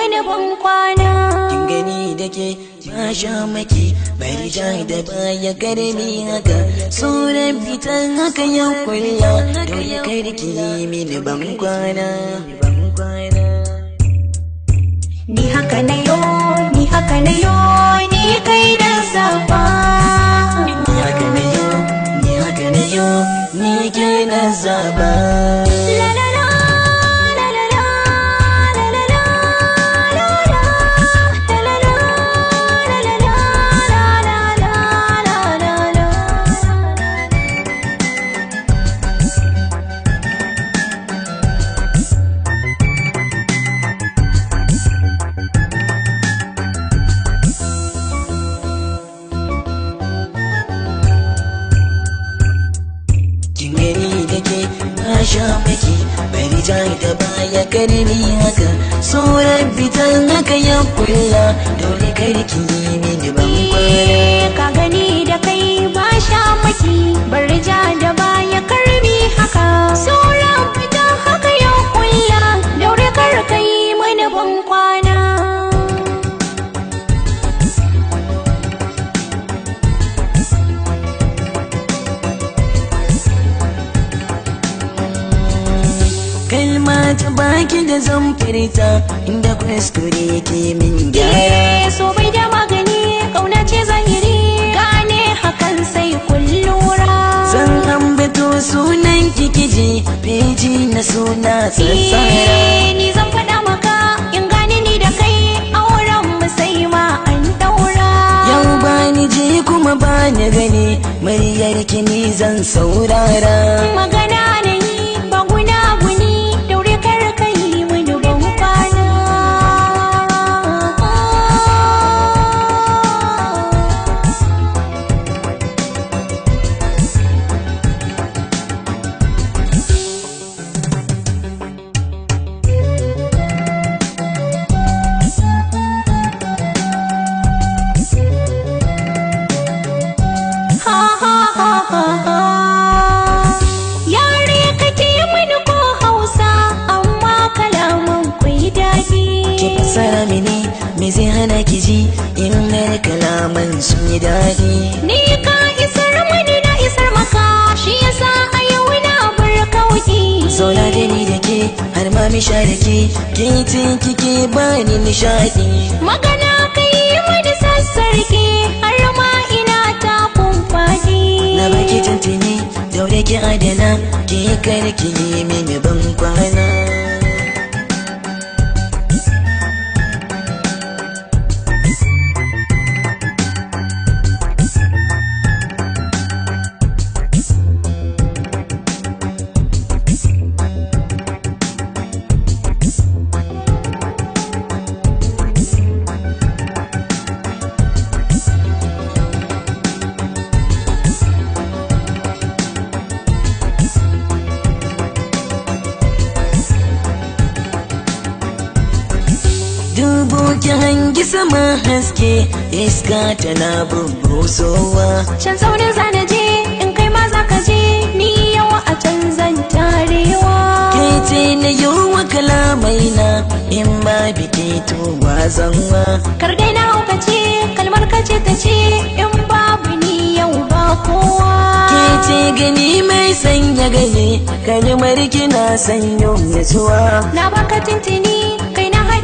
wani bankwana kin gani dake ba sha maki bari jai da baya garmi haka sauran fitan haka ya kulla ya karki mini bankwana ni haka na yo ni haka na yo ni kai da safa ni haka na yo ni haka na yo ni kai na zaba cinye ni da ke na sha bari ta da baya karni haka sauran fitan haka ya kulla dole karki ta baki da zan firta inda kuskure yake min gyara eh, so bai da magani kauna ce zahiri gane hakan sai kullura zan ambato sunan kikiji peji na suna tsatsara eh, ni zan faɗa maka in gane ni da kai auren mu sai ma an daura yau bani je kuma bani gani muryar kini zan saurara magana ne hana kiji in har kalaman sun yi daɗi ni ka isar mani na isar maka shi yasa a yau na bar kauki zauna da ni da har ma mi sha da ke kike ba ni nishaɗi magana kai mani sassarki har ma ina ta kumfani na baki tuntuni daure ki adana ki karki dubo ki hangi sama haske iska tana bubbusowa can saurin zana je in kai ma za ka je ni yawa a can zan tarewa kai ce na yawa kalamai na in ma biki to zan ma. kargai na uka ce kalmar ka ce ta ce in babu ni yau ba kowa ke ce gani mai sanya gani kalmar kina sanyo zuwa na baka tintini